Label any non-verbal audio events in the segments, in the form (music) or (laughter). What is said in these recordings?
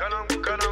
Canam, canam.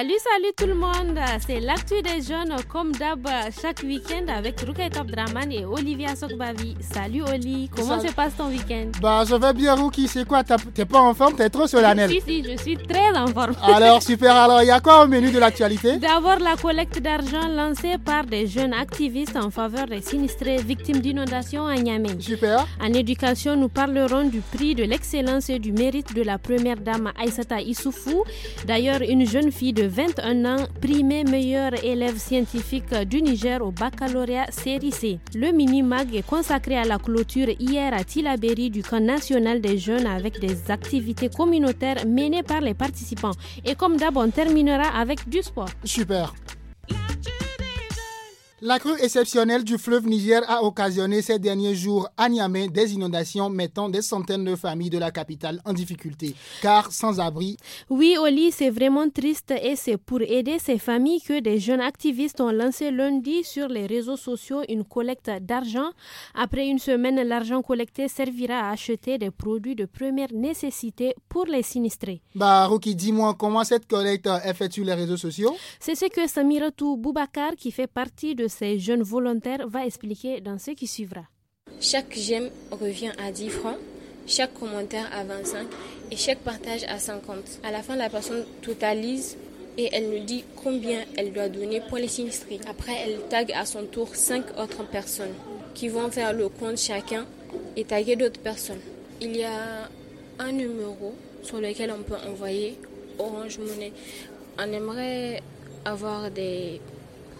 Salut, salut tout le monde. C'est l'actu des jeunes comme d'hab chaque week-end avec Rukai Dramane et Olivia Sokbavi. Salut Oli, comment se passe ton week-end Bah, je vais bien, Ruki. C'est quoi T'es pas en forme T'es trop solennel. Si, si, je suis très en forme. (laughs) Alors, super. Alors, il y a quoi au menu de l'actualité D'abord, la collecte d'argent lancée par des jeunes activistes en faveur des sinistrés victimes d'inondations à Niamey. Super. En éducation, nous parlerons du prix de l'excellence et du mérite de la première dame Aïsata Issoufou. D'ailleurs, une jeune fille de 21 ans, primé meilleur élève scientifique du Niger au baccalauréat série C. Le mini-mag est consacré à la clôture hier à Tilaberi du camp national des jeunes avec des activités communautaires menées par les participants. Et comme d'hab, on terminera avec du sport. Super. La crue exceptionnelle du fleuve Niger a occasionné ces derniers jours à Niamey des inondations mettant des centaines de familles de la capitale en difficulté, car sans abri. Oui, Oli, c'est vraiment triste et c'est pour aider ces familles que des jeunes activistes ont lancé lundi sur les réseaux sociaux une collecte d'argent. Après une semaine, l'argent collecté servira à acheter des produits de première nécessité pour les sinistrés. Bah, Ruki, dis-moi comment cette collecte est faite sur les réseaux sociaux C'est ce que Samiratou Boubacar, qui fait partie de ces jeunes volontaires va expliquer dans ce qui suivra. Chaque j'aime revient à 10 francs, chaque commentaire à 25 et chaque partage à 50. À la fin, la personne totalise et elle nous dit combien elle doit donner pour les sinistrés. Après, elle tague à son tour 5 autres personnes qui vont faire le compte chacun et taguer d'autres personnes. Il y a un numéro sur lequel on peut envoyer Orange Monnaie. On aimerait avoir des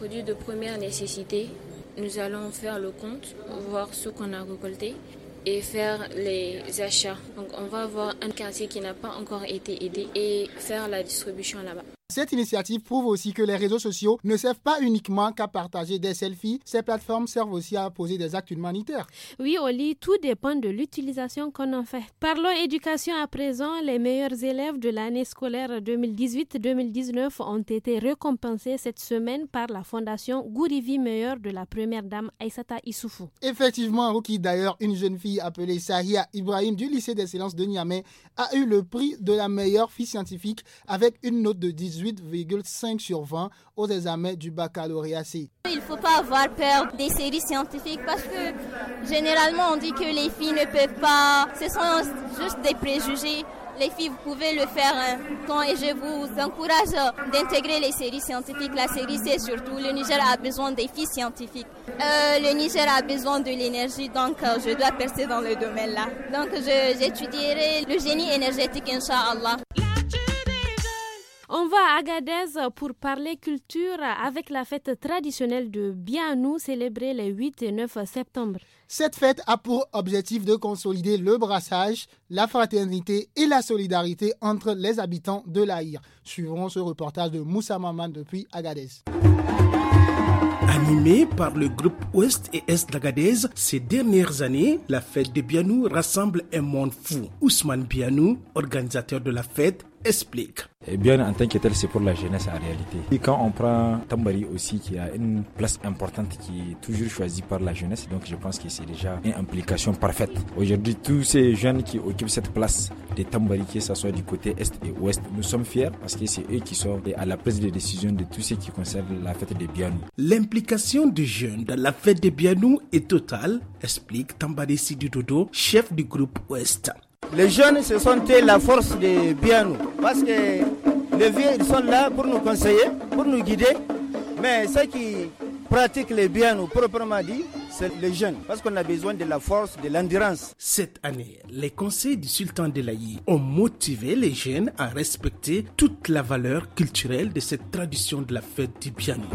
produits de première nécessité. Nous allons faire le compte, voir ce qu'on a récolté et faire les achats. Donc on va voir un quartier qui n'a pas encore été aidé et faire la distribution là-bas. Cette initiative prouve aussi que les réseaux sociaux ne servent pas uniquement qu'à partager des selfies, ces plateformes servent aussi à poser des actes humanitaires. Oui, Oli, tout dépend de l'utilisation qu'on en fait. Parlons éducation à présent. Les meilleurs élèves de l'année scolaire 2018-2019 ont été récompensés cette semaine par la fondation Gourivi Meilleur de la première dame Aïsata Issoufou. Effectivement, Ruki, d'ailleurs, une jeune fille appelée Sahia Ibrahim du lycée d'excellence de Niamey a eu le prix de la meilleure fille scientifique avec une note de 18. 8,5 sur 20 aux examens du baccalauréat C. Il ne faut pas avoir peur des séries scientifiques parce que généralement on dit que les filles ne peuvent pas. Ce sont juste des préjugés les filles, vous pouvez le faire un hein. temps et je vous encourage d'intégrer les séries scientifiques. La série C surtout, le Niger a besoin des filles scientifiques. Euh, le Niger a besoin de l'énergie, donc euh, je dois percer dans le domaine-là. Donc j'étudierai le génie énergétique, Inch'Allah. On va à Agadez pour parler culture avec la fête traditionnelle de Bianou célébrée les 8 et 9 septembre. Cette fête a pour objectif de consolider le brassage, la fraternité et la solidarité entre les habitants de l'Aïr. Suivons ce reportage de Moussa Maman depuis Agadez. Animée par le groupe Ouest et Est d'Agadez, ces dernières années, la fête de Bianou rassemble un monde fou. Ousmane Bianou, organisateur de la fête, explique. Eh bien, en tant que tel, c'est pour la jeunesse en réalité. Et quand on prend Tambari aussi, qui a une place importante qui est toujours choisie par la jeunesse, donc je pense que c'est déjà une implication parfaite. Aujourd'hui, tous ces jeunes qui occupent cette place de Tambari, que ce soit du côté est et ouest, nous sommes fiers parce que c'est eux qui sont à la prise de décision de tout ce qui concerne la fête de Bianou. L'implication des jeunes dans la fête de Bianou est totale, explique Tambari Sidutodo, chef du groupe Ouest. Les jeunes, se sentaient la force des Bianou. Parce que les vieux, sont là pour nous conseiller, pour nous guider. Mais ceux qui pratiquent les bianou proprement dit, c'est les jeunes. Parce qu'on a besoin de la force, de l'endurance. Cette année, les conseils du sultan de l'Aïe ont motivé les jeunes à respecter toute la valeur culturelle de cette tradition de la fête du Bianou.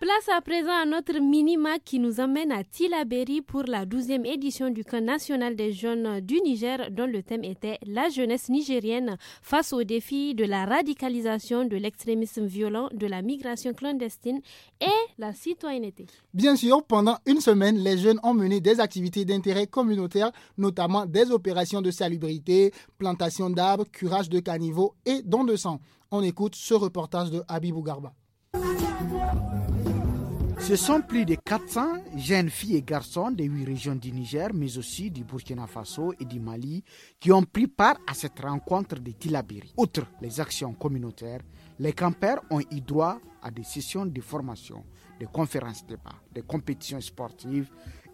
Place à présent à notre minima qui nous emmène à Tilaberi pour la 12e édition du camp national des jeunes du Niger dont le thème était la jeunesse nigérienne face aux défis de la radicalisation, de l'extrémisme violent, de la migration clandestine et la citoyenneté. Bien sûr, pendant une semaine, les jeunes ont mené des activités d'intérêt communautaire, notamment des opérations de salubrité, plantation d'arbres, curage de caniveaux et dons de sang. On écoute ce reportage de Habibou Garba. Ce sont plus de 400 jeunes filles et garçons des huit régions du Niger, mais aussi du Burkina Faso et du Mali, qui ont pris part à cette rencontre de Tilabiri. Outre les actions communautaires, les campeurs ont eu droit à des sessions de formation, des conférences débat, des compétitions sportives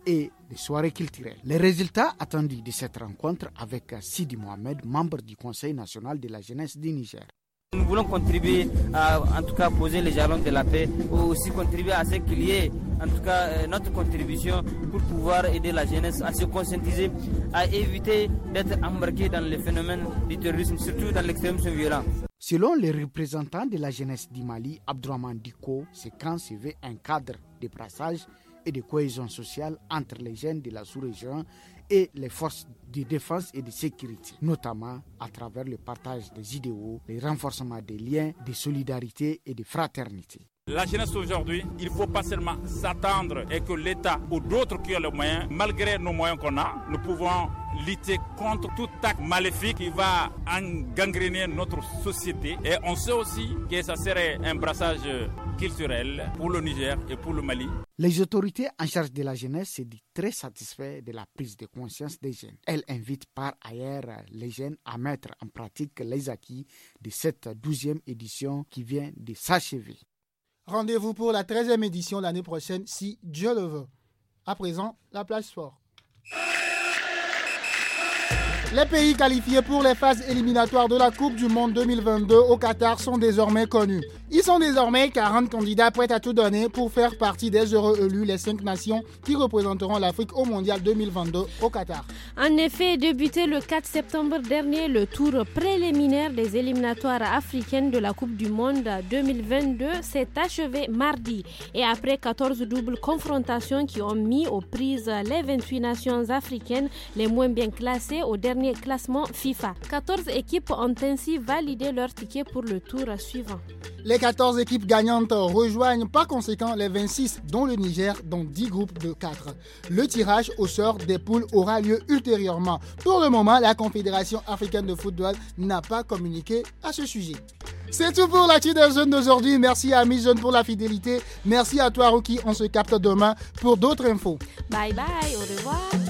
et des soirées culturelles. Les résultats attendus de cette rencontre avec Sidi Mohamed, membre du Conseil national de la jeunesse du Niger. Nous voulons contribuer à, en tout cas, poser les jalons de la paix, ou aussi contribuer à ce qu'il y ait, en tout cas, euh, notre contribution pour pouvoir aider la jeunesse à se conscientiser, à éviter d'être embarqué dans les phénomènes du terrorisme, surtout dans l'extrémisme violent. Selon les représentants de la jeunesse du Mali, Abdourahman Diko, ce camp se veut un cadre de brassage et de cohésion sociale entre les jeunes de la sous-région et les forces de défense et de sécurité, notamment à travers le partage des idéaux, le renforcement des liens de solidarité et de fraternité. La jeunesse aujourd'hui, il ne faut pas seulement s'attendre et que l'État ou d'autres qui ont les moyens, malgré nos moyens qu'on a, nous pouvons lutter contre tout acte maléfique qui va engangréner notre société. Et on sait aussi que ça serait un brassage culturel pour le Niger et pour le Mali. Les autorités en charge de la jeunesse se disent très satisfaits de la prise de conscience des jeunes. Elles invitent par ailleurs les jeunes à mettre en pratique les acquis de cette douzième édition qui vient de s'achever. Rendez-vous pour la 13e édition l'année prochaine si Dieu le veut. À présent, la place forte. Les pays qualifiés pour les phases éliminatoires de la Coupe du Monde 2022 au Qatar sont désormais connus. Ils sont désormais 40 candidats prêts à tout donner pour faire partie des heureux élus, les 5 nations qui représenteront l'Afrique au Mondial 2022 au Qatar. En effet, débuté le 4 septembre dernier, le tour préliminaire des éliminatoires africaines de la Coupe du Monde 2022 s'est achevé mardi. Et après 14 doubles confrontations qui ont mis aux prises les 28 nations africaines les moins bien classées au dernier classement FIFA. 14 équipes ont ainsi validé leur ticket pour le tour suivant. Les 14 équipes gagnantes rejoignent par conséquent les 26, dont le Niger, dans 10 groupes de 4. Le tirage au sort des poules aura lieu ultérieurement. Pour le moment, la Confédération africaine de football n'a pas communiqué à ce sujet. C'est tout pour la des jeunes d'aujourd'hui. Merci à Miss Jeune pour la fidélité. Merci à toi, Ruki. On se capte demain pour d'autres infos. Bye bye, au revoir.